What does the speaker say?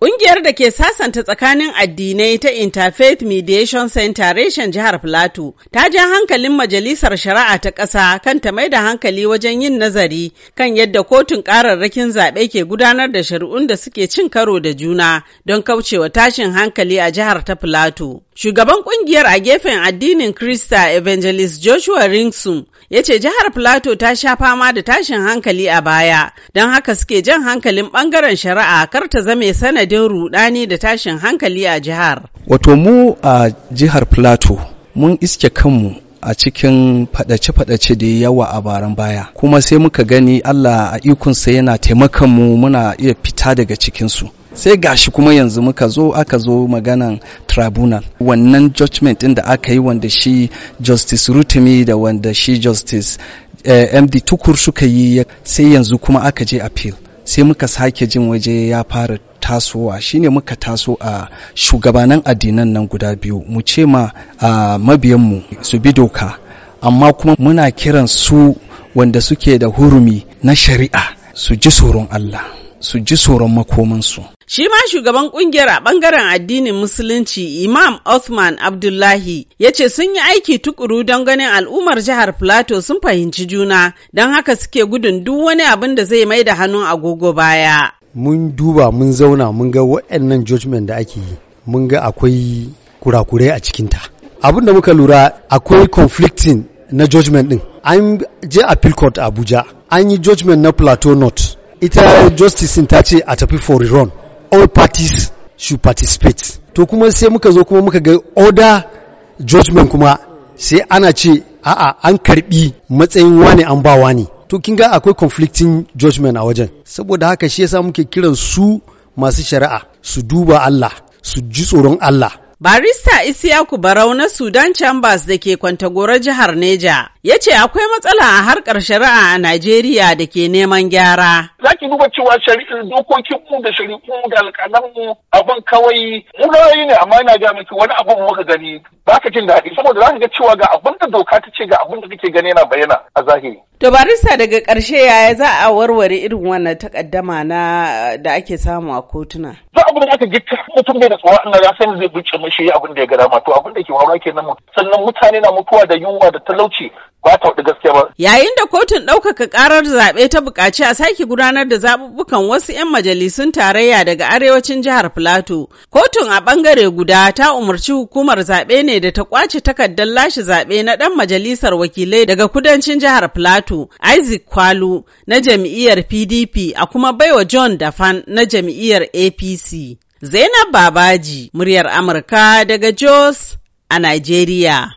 Ƙungiyar da ke sasanta tsakanin addinai ta Interfaith Mediation Center reshen jihar Filato ta ja hankalin Majalisar Shari'a ta ƙasa kan ta mai da hankali wajen yin nazari kan yadda kotun ƙararrakin zaɓe ke gudanar da shari'un da suke cin karo da juna don kaucewa tashin hankali a jihar ta Filato. Shugaban ƙungiyar a gefen addinin Krista Evangelist Joshua Ringsum ya ce jihar Filato ta sha fama da tashin hankali a baya don haka suke jan hankalin ɓangaren shari'a kar ta zame sanadi adadin rudani da tashin hankali a jihar. Wato mu a jihar Plateau mun iske kanmu a cikin fadace-fadace da yawa a baran baya kuma sai muka gani Allah a ikonsa yana taimakan mu muna iya fita daga cikinsu sai gashi kuma yanzu muka zo aka zo maganan tribunal wannan judgment din da aka yi wanda shi justice rutumi da wanda shi justice eh, md tukur suka yi sai yanzu kuma aka je appeal sai muka sake jin waje ya fara tasowa shine muka taso a shugabanan addinan nan guda biyu mu ce ma a mabiyanmu su bi doka amma kuma muna kiran su wanda suke da hurumi na shari'a su ji tsoron Allah su ji tsoron makomansu. Shi ma shugaban kungiyar a bangaren addinin Musulunci Imam Othman Abdullahi ya ce sun yi aiki tukuru don ganin al'ummar jihar Plateau sun fahimci juna don haka suke gudun duk wani abin da zai mai da hannun agogo baya. mun duba mun zauna mun ga waɗannan judgment da ake yi mun ga akwai kurakurai a cikinta abin da muka lura akwai conflicting na judgment ɗin. an je a court abuja an yi judgment na plateau north ita justice ta ce a tafi for run all parties should participate to kuma sai muka zo kuma muka ga order judgment kuma sai ana ce a'a an karbi matsayin wani an ba wani to kin ga akwai conflicting judgment a wajen saboda haka shi yasa muke kiran su masu shari'a su duba Allah su ji tsoron Allah Barista Isiyaku Barau na Sudan Chambers da ke Kwantagoro jihar Neja ya ce akwai matsala a harkar shari'a a Najeriya da ke neman gyara. Za ki duba cewa shari'ar dokokin mu da shari'u da alƙalan abin kawai munayoyi ne amma yana ga miki wani abu muka gani ba ka jin daɗi saboda za ka ga cewa ga abin da doka ta ce ga abin da kake gani yana bayyana a zahiri. To barista daga ƙarshe yaya za a warware irin wannan takaddama na da ake samu a kotuna? Za abu da aka mutum bai da tsoron Allah ya sani zai bi mashi abin da ya gada ma to abin da ke wawa kenan mu. sannan mutane na mutuwa da yunwa da talauci ba ta gaske ba. Yayin da kotun ɗaukaka ƙarar zaɓe ta buƙaci a sake gudanar da zaɓuɓɓukan wasu 'yan majalisun tarayya daga arewacin jihar Filato, kotun a ɓangare guda ta umarci hukumar zaɓe ne da ta kwace takardar lashe zaɓe na ɗan majalisar wakilai daga kudancin jihar Filato, Isaac Kwalu na jam'iyyar PDP a kuma baiwa John Dafan na jam'iyyar APC. Zainab Babaji, muryar Amurka daga Jos a Najeriya.